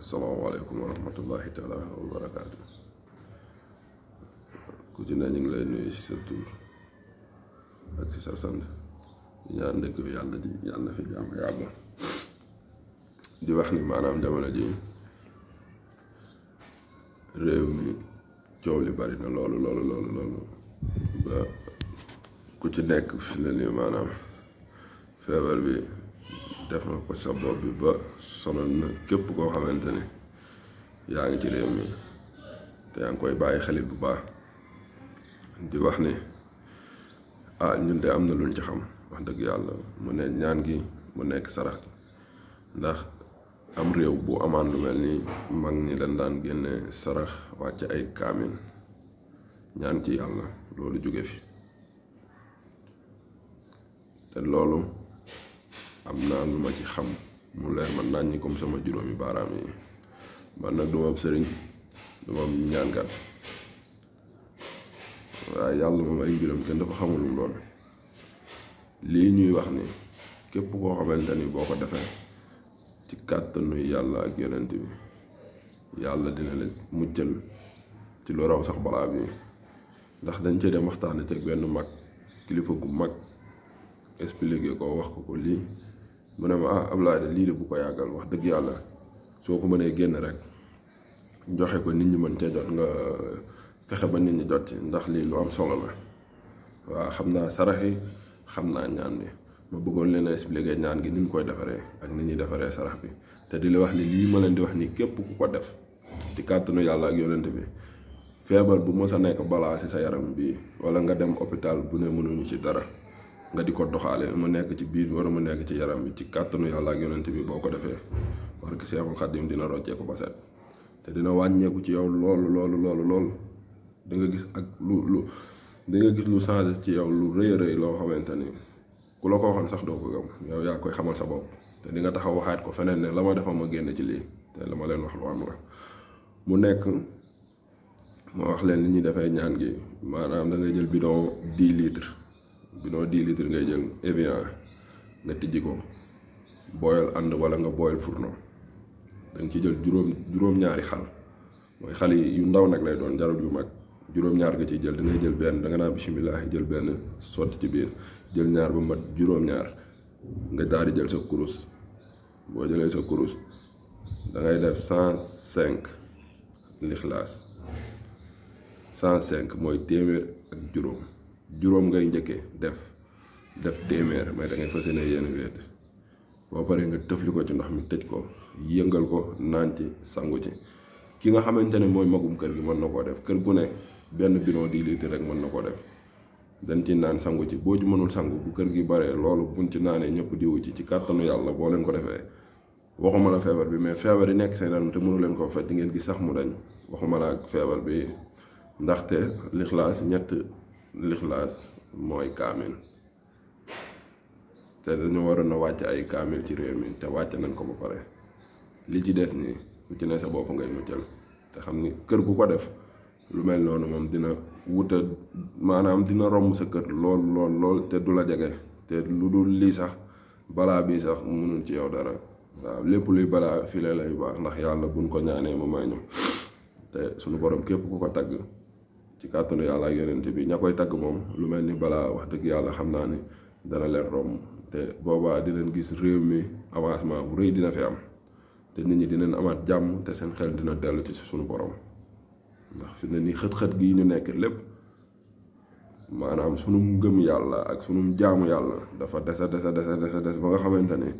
asalaamaaleykum wa rahmatullahi taala wa barakaatu ku ci ne ñu ngi lay nuyu si sa tur ak si sa sant di ñaan dëkk bi yàlla ji yàlla fi jàmm di wax ni maanaam jamono ji réew mi coow li bari na loolu loolu loolu ba ku ci nekk fi ne nii maanaam feebar bi def nga ko sa bopp bi ba sonal na képp koo xamante ni yaa ngi ci réew mi te yaa ngi koy bàyyi xel bu baax di wax ne ah ñun am na luñ ci xam wax dëgg yàlla mu ne ñaan gi mu nekk sarax ndax am réew bu amaan lu mel ni mag ni dañ daan génne sarax wàcc ay kaamin ñaan ci yàlla loolu jóge fi te loolu am naa lu ma ci xam mu leer man naan comme sama juróomi baaraam yi man nag du ma ab sëriñ du ma ñaankat waaye yàlla moom ay mbiram kenn dafa xamul lii ñuy wax ni képp koo xamante ni boo ko defee ci kàttanu yàlla ak yonent bi yàlla dina la muccal ci lu raw sax balaa bi ndax dañ cee dem waxtaane te benn mag kilifa gu mag expliqué ko wax ko ko lii mu ne ma ah Ablaye de lii de bu ko yàggal wax dëgg yàlla soo ko mënee génn rek joxe ko nit ñi mën cee jot nga fexe ba nit ñi jot ci ndax lii lu am solo la waaw xam naa sarax yi xam naa ñaan bi ma bëggoon leen a expliquer ñaan gi ni ñu koy defaree ak ni ñuy defaree sarax bi te di la wax ni lii ma leen di wax nii képp ku ko def di kàttanu yàlla ak yonent bi feebar bu mës a nekk balaa ci sa yaram bi wala nga dem hôpital bu ne mënuñu ci dara. nga di ko doxaale mu nekk ci biir wara mu nekk ci yaram bi ci kàttanu yàlla ak yonent bi boo ko defee parce que Seexul Xaddim dina rocceeku ba set te dina wàññeeku ci yow loolu loolu loolu loolu da nga gis ak lu lu da nga gis lu changé ci yow lu rëy rëy loo xamante ni ku la ko waxoon sax doo ko gëm yow yaa koy xamal sa bopp te di nga taxaw waxaat ko feneen ne la ma defa ma génn ci lii te la ma leen wax lu am la mu nekk moo wax leen li ñuy defee ñaan gi maanaam da ngay jël bidon 10 litres bidon di litres ngay jël Evian nga tijji ko booyal ànd wala nga booyal fourneau da ci jël juróom juróom-ñaari xal mooy xal yu ndaw nag lay doon jarul yu mag juróom-ñaar nga ciy jël da jël benn da nga naan bisimilah jël benn sotti ci biir jël ñaar ba mat juróom-ñaar nga daal di jël sa kurus boo jëlee sa kurus dangay ngay def cent cinq lixlaas san cinq mooy téeméer ak juróom. juróom ngay njëkkee def def téeméer mais da ngay fas yéene yenn wéet boo paree nga tëfli ko ci ndox mi tëj ko yëngal ko naan ci sangu ci ki nga xamante ne mooy magum kër gi mën na koo def kër gu ne benn bidon di rek mën na koo def dañ ci naan sangu ci boo ci mënul sangu bu kër gi baree loolu buñ ci naanee ñëpp diwu ci ci kàttanu yàlla boo leen ko defee waxuma la feebar bi mais feebar yi nekk seen yaram te mënu leen koo faj di ngeen gi sax mu dañ waxuma la ak feebar bi ndaxte lixlaas ñett lixlaas mooy kaamil te dañu waroon a wàcc ay kaamil ci réew mi te wàcc nañ ko ba pare li ci des nii ku ci ne sa bopp ngay muccal te xam ni kër gu ko def lu mel noonu moom dina wuta maanaam dina romb sa kër lool lool te du la jege te lu dul lii sax balaa bii sax mënul ci yow dara waaw lépp luy balaa file lay baax ndax yàlla buñ ko ñaanee mu may ñu te suñu borom képp ku ko tagg ci kàttanu yàlla ak yonent bi ña koy tagg moom lu mel ni balaa wax dëgg yàlla xam naa ni dana leen romb te boobaa dinañ gis réew mi avancement bu rëy dina fi am te nit ñi dinañ amaat jàmm te seen xel dina dellu ci suñu borom ndax fi ne nii xët-xët gii ñu nekk lépp maanaam sunu ngëm yàlla ak sunu jaamu yàlla dafa desa desa desa desa des ba nga xamante ni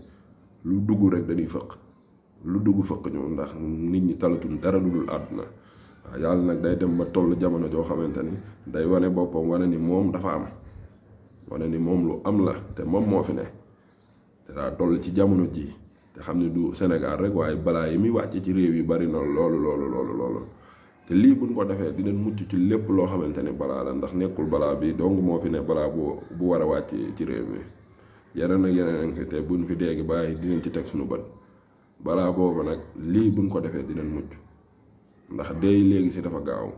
lu dugg rek dañuy fëq lu dugg fëq ñu ndax nit ñi talatuñ dara lu dul àdduna waaw yàlla nag day dem ba toll jamono joo xamante ni day wane boppam wane ni moom dafa am wane ni moom lu am la te moom moo fi ne te daa toll ci jamono ji te xam ne du Sénégal rek waaye balaa yi muy wàcce ci réew yu bari na loolu loolu loolu loolu te lii buñ ko defee dinañ mucc ci lépp loo xamante ni balaa la ndax nekkul balaa bi donc moo fi ne balaa bu bu war a wàcc ci réew mi yeneen ak yeneen te bu buñ fi dégg bàyyi dinañ ci teg suñu bët balaa boobu nag lii buñ ko defee dinañ mucc ndax dee léegi si dafa gaaw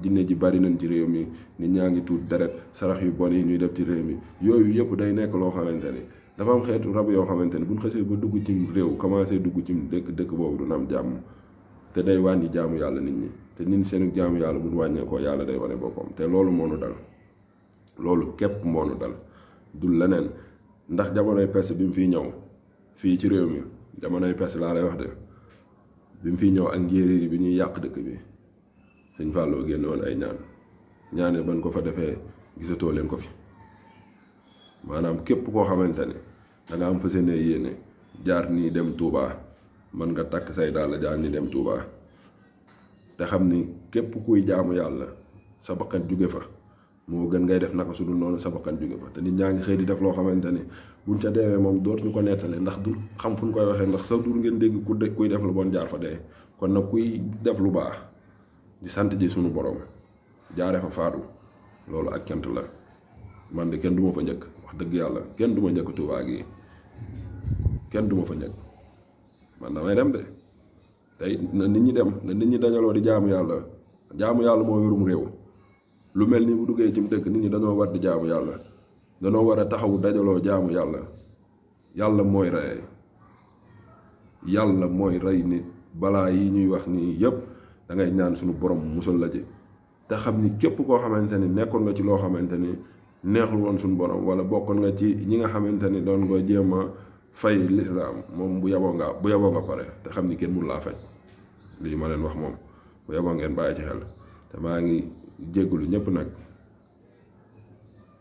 jinne ji bari nañ ci réew mi nit ñaa ngi tuut deret sarax yu bon yi ñuy def ci réew mi yooyu yëpp day nekk loo xamante ni dafa am xeetu rab yoo xamante ni buñ xasee ba dugg ci réew commencé dugg ci dëkk dëkk boobu du am jàmm te day wàññi jaamu yàlla nit ñi te nit seenu jaamu yàlla buñ wàññeekoo yàlla day wane boppam te loolu moo nu dal loolu képp moo nu dal du leneen ndax jamonoy pes bi mu fi ñëw fii ci réew mi jamonoy pes laa lay wax de bi mu fiy ñëw ak njéeréer bi ñuy yàq dëkk bi sëñ Fallou génn woon ay ñaan ñaane ban ko fa defee gisatoo leen ko fi maanaam képp koo xamante ne da nga am fas yéene yéene jaar nii dem tuubaa mën nga takk say dàll jaar nii dem Touba te xam ni képp kuy jaamu yàlla sa bakkan jóge fa. moo gën ngay def naka su dul noonu sa bakkan jóge fa te nit ñaa ngi xëy di def loo xamante ni buñ ca deewee moom dootuñu ko nettalee ndax du xam fu ñu koy waxee ndax sa dur ngeen dégg ku de kuy def lu bon jaar fa de kon nag kuy def lu baax di sant ji suñu borom jaare fa faatu loolu ak kent la man de kenn du ma fa njëkk wax dëgg yàlla kenn du ma njëkk Tuubaa gi kenn du ma fa njëkk man damay dem de tey na nit ñi dem na nit ñi dajaloo di jaamu yàlla jaamu yàlla moo yorum réew. lu mel ni bu duggee ci dëkk nit ñi dañoo war di jaamu yàlla dañoo war a taxawu dajaloo jaamu yàlla yàlla mooy rey yàlla mooy rey nit balaa yi ñuy wax nii yépp da ngay ñaan suñu borom musal la ci te xam ni képp koo xamante ni nekkoon nga ci loo xamante ni neexul woon suñu borom wala bokkoon nga ci ñi nga xamante ni doon nga jéem a fay lislaam moom bu yaboo nga bu yaboo nga pare te xam ni kenn mënu laa faj lii ma leen wax moom bu yaboo ngeen bàyyi ci xel te maa ngi. jéggulu ñëpp nag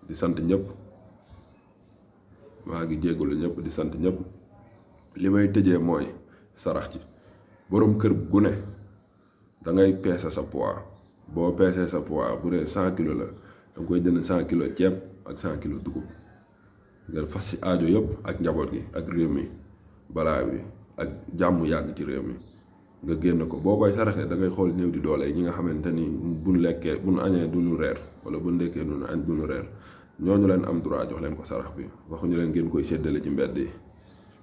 di sant ñëpp maa ngi jéggulu ñëpp di sant ñëpp li may tëjee mooy sarax ci boroom kër gu ne da ngay peese sa poids boo peesee sa poids bu dee cent kilo la danga koy jënd cent kilo ceeb ak cent kilo dugub nga fas ci aajo yëpp ak njaboot gi ak réew mi balaa bi ak jàmm yàgg ci réew mi nga génn ko boo koy saraxee da xool néew di doole ñi nga xamante ni buñ lekkee buñ añee du ñu reer wala buñ lekkee du ñu añ du ñu reer ñoo ñu leen am droit jox leen ko sarax bi waxuñu leen ngeen koy séddale ci mbedd yi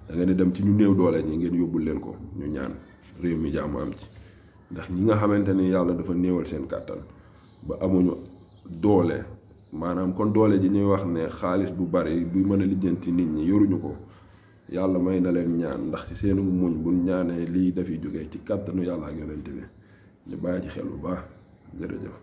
da ngeen di dem ci ñu néew doole ñi ngeen yóbbul leen ko ñu ñaan réew mi jàmm am ci ndax ñi nga xamante ni yàlla dafa néewal seen kàttan ba amuñu doole maanaam kon doole ji ñuy wax ne xaalis bu bari buy mën a lijjanti nit ñi yoruñu ko yàlla may na leen ñaan ndax ci seenu muñ bul ñaanee lii dafi jóge ci kàttanu yàlla ak yonent bi ñu bàyyi ci xel bu baax jërëjëf